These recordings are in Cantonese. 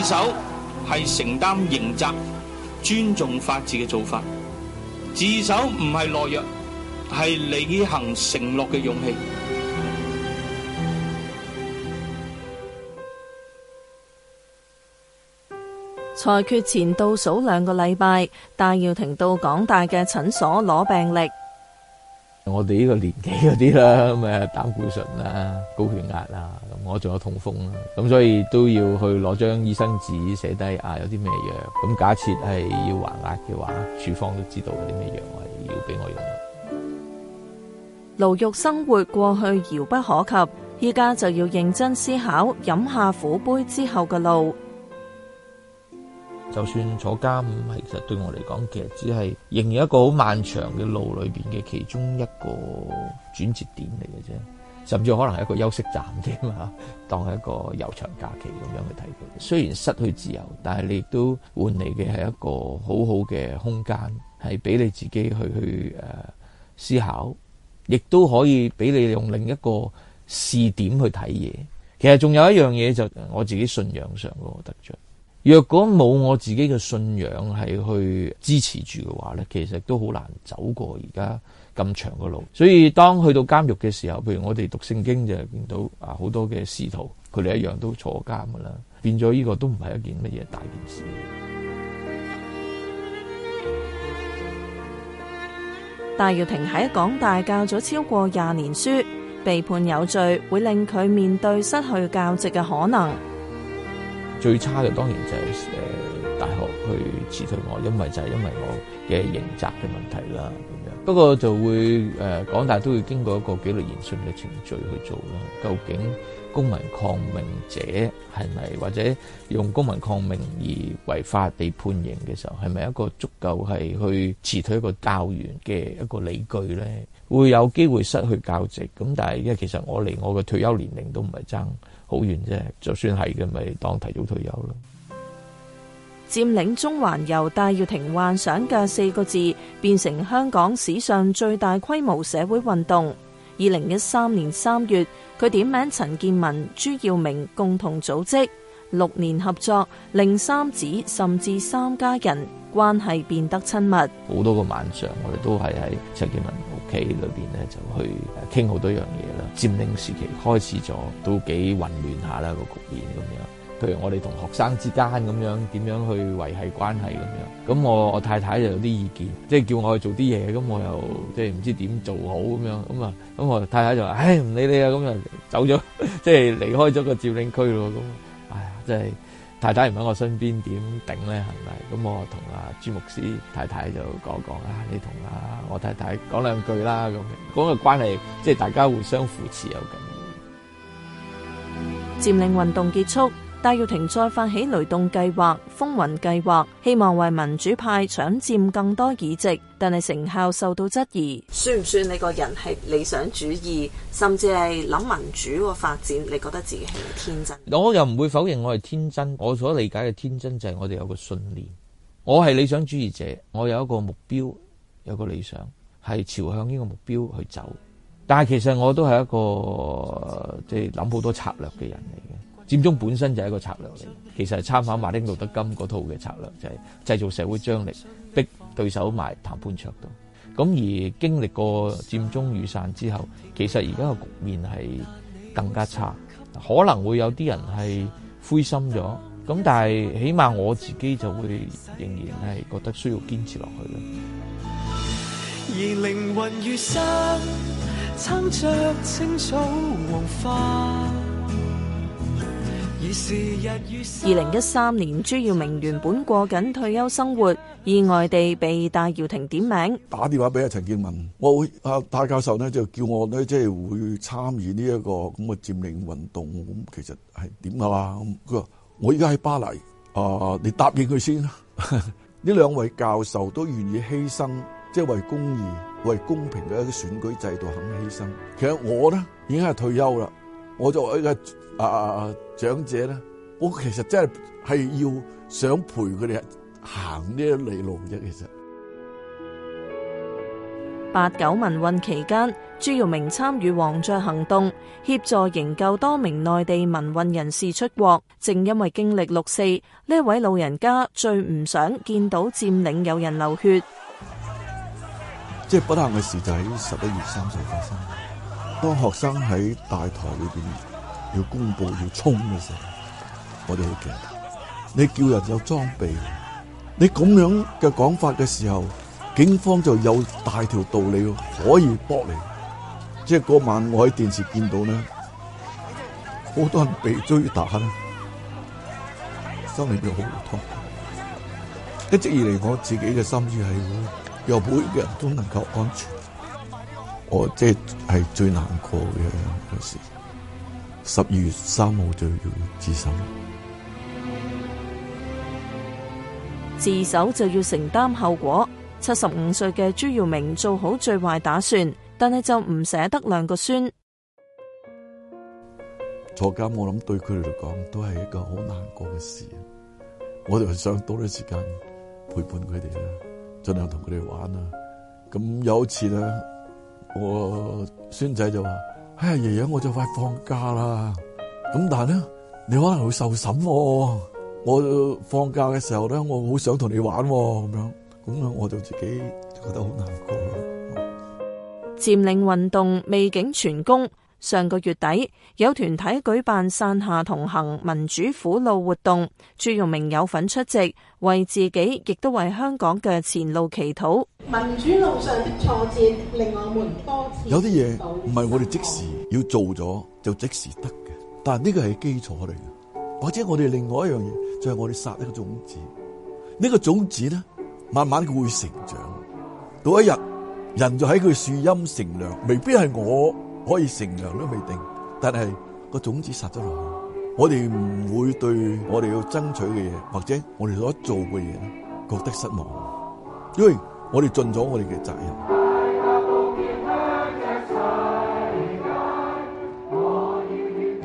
自首係承擔刑責、尊重法治嘅做法。自首唔係懦弱，係履行承諾嘅勇氣。裁決前倒數兩個禮拜，戴耀廷到港大嘅診所攞病歷。我哋呢個年紀嗰啲啦，咁啊膽固醇啦、高血壓啦，咁我仲有痛風啦，咁所以都要去攞張醫生紙寫低啊，有啲咩藥，咁假設係要還押嘅話，處方都知道啲咩藥係要俾我用。牢獄生活過去遙不可及，依家就要認真思考飲下苦杯之後嘅路。就算坐監，其實對我嚟講，其實只係仍然一個好漫長嘅路裏面嘅其中一個轉折點嚟嘅啫，甚至可能係一個休息站添嘛，當係一個悠長假期咁樣去睇佢。雖然失去自由，但係你亦都換嚟嘅係一個好好嘅空間，係俾你自己去去誒思考，亦都可以俾你用另一個視點去睇嘢。其實仲有一樣嘢就我自己信仰上嗰個得著。若果冇我自己嘅信仰係去支持住嘅話咧，其實都好難走過而家咁長嘅路。所以當去到監獄嘅時候，譬如我哋讀聖經就見到啊好多嘅使徒，佢哋一樣都坐監噶啦，變咗呢個都唔係一件乜嘢大件事。戴耀廷喺港大教咗超過廿年書，被判有罪，會令佢面對失去教席嘅可能。最差嘅當然就係誒大學去辭退我，因為就係因為我嘅刑責嘅問題啦。咁樣不過就會誒港大都會經過一個紀律聆訊嘅程序去做啦。究竟公民抗命者係咪或者用公民抗命而違法被判刑嘅時候，係咪一個足夠係去辭退一個教員嘅一個理據咧？會有機會失去教職，咁但係因為其實我離我嘅退休年齡都唔係差好遠啫，就算係嘅，咪當提早退休咯。佔領中環由戴耀廷幻想嘅四個字，變成香港史上最大規模社會運動。二零一三年三月，佢點名陳健民、朱耀明共同組織，六年合作，令三子甚至三家人，關係變得親密，好多個晚上我哋都係喺陳健民屋企裏邊咧，就去傾好多樣嘢啦。佔領時期開始咗，都幾混亂下啦個局面咁樣。譬如我哋同學生之間咁樣，點樣去維繫關係咁樣。咁我我太太就有啲意見，即係叫我去做啲嘢，咁我又即係唔知點做好咁樣。咁啊，咁我太太就話：唉，唔理你啊，咁就走咗，即係離開咗個佔領區咯。咁，唉，真係。太太唔喺我身邊，點頂咧？係咪？咁我同阿朱牧師太太就講講啊，你同阿我太太講兩句啦。咁講個關係，即係大家互相扶持有緊。佔領運動結束。戴耀廷再發起雷動計劃、風雲計劃，希望為民主派搶佔更多議席，但係成效受到質疑。算唔算你個人係理想主義，甚至係諗民主個發展？你覺得自己係咪天真？我又唔會否認我係天真。我所理解嘅天真就係我哋有個信念。我係理想主義者，我有一個目標，有個理想，係朝向呢個目標去走。但係其實我都係一個即係諗好多策略嘅人。佔中本身就係一個策略嚟，其實係參考馬丁路德金嗰套嘅策略，就係製造社會張力，逼對手埋談判桌度。咁而經歷過佔中雨傘之後，其實而家個局面係更加差，可能會有啲人係灰心咗。咁但係，起碼我自己就會仍然係覺得需要堅持落去咯。而靈魂如山，撐着青草黃花。二零一三年，朱耀明原本過緊退休生活，意外地被戴耀廷點名打電話俾阿陳健民。我會阿戴教授呢就叫我呢，即係會參與呢一個咁嘅佔領運動，咁其實係點啊？佢話我而家喺巴黎，啊、呃，你答應佢先。呢 兩位教授都願意犧牲，即係為公義、為公平嘅一個選舉制度肯犧牲。其實我呢，已經係退休啦。我作為一個啊長者咧，我其實真係係要想陪佢哋行呢啲路啫。其實八九民運期間，朱耀明參與黃雀行動，協助營救多名內地民運人士出國。正因為經歷六四呢位老人家最唔想見到佔領有人流血，即係不幸嘅事就喺十一月三十號發生。當學生喺大台裏邊要公布要衝嘅時候，我哋要勁你叫人有裝備，你咁樣嘅講法嘅時候，警方就有大條道理可以駁你。即係嗰晚我喺電視見到呢，好多人被追打咧，心裏邊好痛。一直以嚟我自己嘅心意係，要每個人都能夠安全。我即係最難過嘅一件事。十二月三號就要自首，自首就要承擔後果。七十五歲嘅朱耀明做好最壞打算，但係就唔捨得兩個孫坐監。我諗對佢哋嚟講都係一個好難過嘅事。我哋想多啲時間陪伴佢哋啦，盡量同佢哋玩啦。咁有一次呢。我孫仔就話：哎呀，爺爺，我就快放假啦，咁但係咧，你可能會受審哦，我放假嘅時候咧，我好想同你玩哦，咁樣，咁樣，我就自己覺得好難過咯。佔領運動未竟全功。上個月底有團體舉辦山下同行民主苦路活動，朱耀明有份出席，為自己亦都為香港嘅前路祈禱。民主路上的挫折令我們多有啲嘢唔係我哋即時要做咗就即時得嘅，但係呢個係基礎嚟嘅，或者我哋另外一樣嘢就係、是、我哋撒一個種子，呢、這個種子呢慢慢佢會成長，到一日人就喺佢樹蔭乘涼，未必係我。可以乘涼都未定，但係個種子撒咗落去，我哋唔會對我哋要爭取嘅嘢，或者我哋所做嘅嘢覺得失望，因為我哋盡咗我哋嘅責任。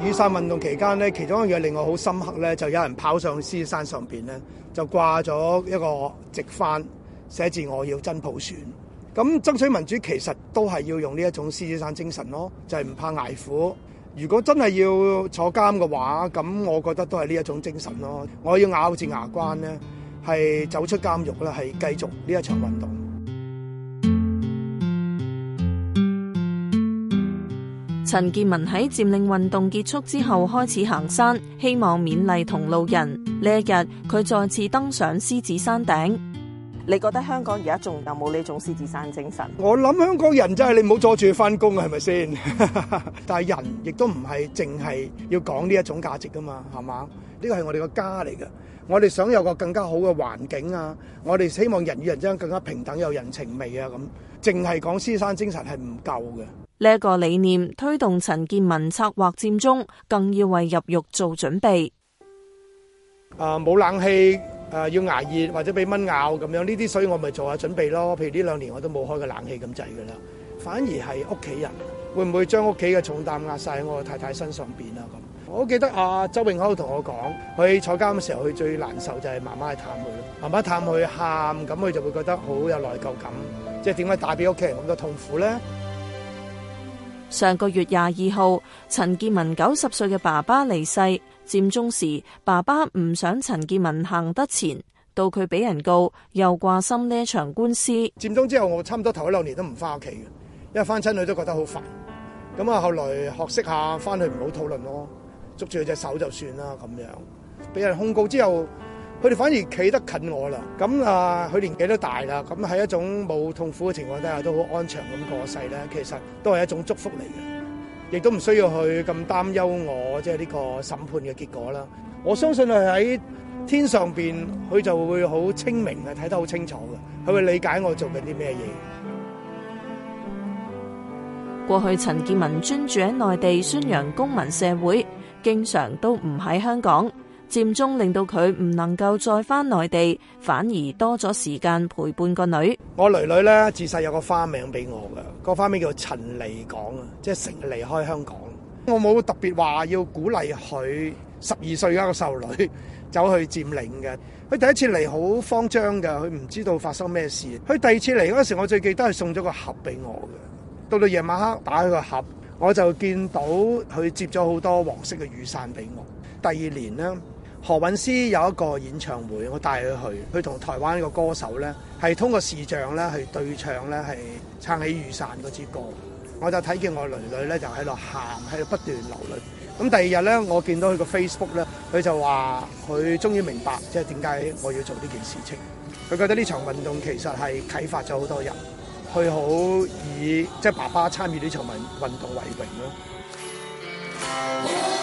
雨傘運動期間呢，其中一樣嘢令我好深刻咧，就有人跑上獅子山上邊咧，就掛咗一個直幡，寫住：「我要真普選。咁爭取民主其實都係要用呢一種獅子山精神咯，就係唔怕捱苦。如果真係要坐監嘅話，咁我覺得都係呢一種精神咯。我要咬住牙關咧，係走出監獄啦，係繼續呢一場運動。陳健民喺佔領運動結束之後開始行山，希望勉勵同路人。呢一日佢再次登上獅子山頂。你覺得香港而家仲有冇呢種獅子山精神？我諗香港人真係你唔好阻住翻工啊，係咪先？但係人亦都唔係淨係要講呢一種價值噶嘛，係嘛？呢個係我哋個家嚟嘅，我哋想有個更加好嘅環境啊！我哋希望人與人之間更加平等有人情味啊！咁淨係講獅子山精神係唔夠嘅。呢一個理念推動陳健民策劃佔中，更要為入獄做準備。啊，冇冷氣。誒、呃、要捱熱或者俾蚊咬咁樣呢啲，所以我咪做下準備咯。譬如呢兩年我都冇開過冷氣咁滯㗎啦，反而係屋企人會唔會將屋企嘅重擔壓曬喺我太太身上面啊？咁我記得阿、啊、周永康同我講，佢坐監嘅時候，佢最難受就係媽媽去探佢咯，媽媽探佢喊，咁佢就會覺得好有內疚感，即係點解帶俾屋企人咁多痛苦咧？上個月廿二號，陳健民九十歲嘅爸爸離世。佔中時，爸爸唔想陳健民行得前，到佢俾人告，又掛心呢場官司。佔中之後，我差唔多頭一六年都唔翻屋企嘅，因為翻親去都覺得好煩。咁啊，後來學識下，翻去唔好討論咯，捉住佢隻手就算啦，咁樣。俾人控告之後。佢哋反而企得近我啦，咁啊，佢年紀都大啦，咁喺一種冇痛苦嘅情況底下，都好安詳咁過世咧。其實都係一種祝福嚟嘅，亦都唔需要去咁擔憂我，即係呢個審判嘅結果啦。我相信佢喺天上邊，佢就會好清明嘅，睇得好清楚嘅，佢會理解我做緊啲咩嘢。過去陳健民專注喺內地宣揚公民社會，經常都唔喺香港。佔中令到佢唔能夠再返內地，反而多咗時間陪伴個女。我女女呢，自細有個花名俾我嘅，個花名叫陳離港啊，即係成日離開香港。我冇特別話要鼓勵佢十二歲，一個細路女走去佔領嘅。佢第一次嚟好慌張嘅，佢唔知道發生咩事。佢第二次嚟嗰時，我最記得係送咗個盒俾我嘅。到到夜晚黑打開個盒，我就見到佢接咗好多黃色嘅雨傘俾我。第二年呢。何韻詩有一個演唱會，我帶佢去，佢同台灣個歌手呢，係通過視像呢去對唱，呢係撐起雨傘嗰支歌。我就睇見我女女呢，就喺度喊，喺度不斷流淚。咁第二日呢，我見到佢個 Facebook 呢，佢就話佢終於明白，即係點解我要做呢件事情。佢覺得呢場運動其實係啟發咗好多人，佢好以即係爸爸參與呢場運運動為榮啦。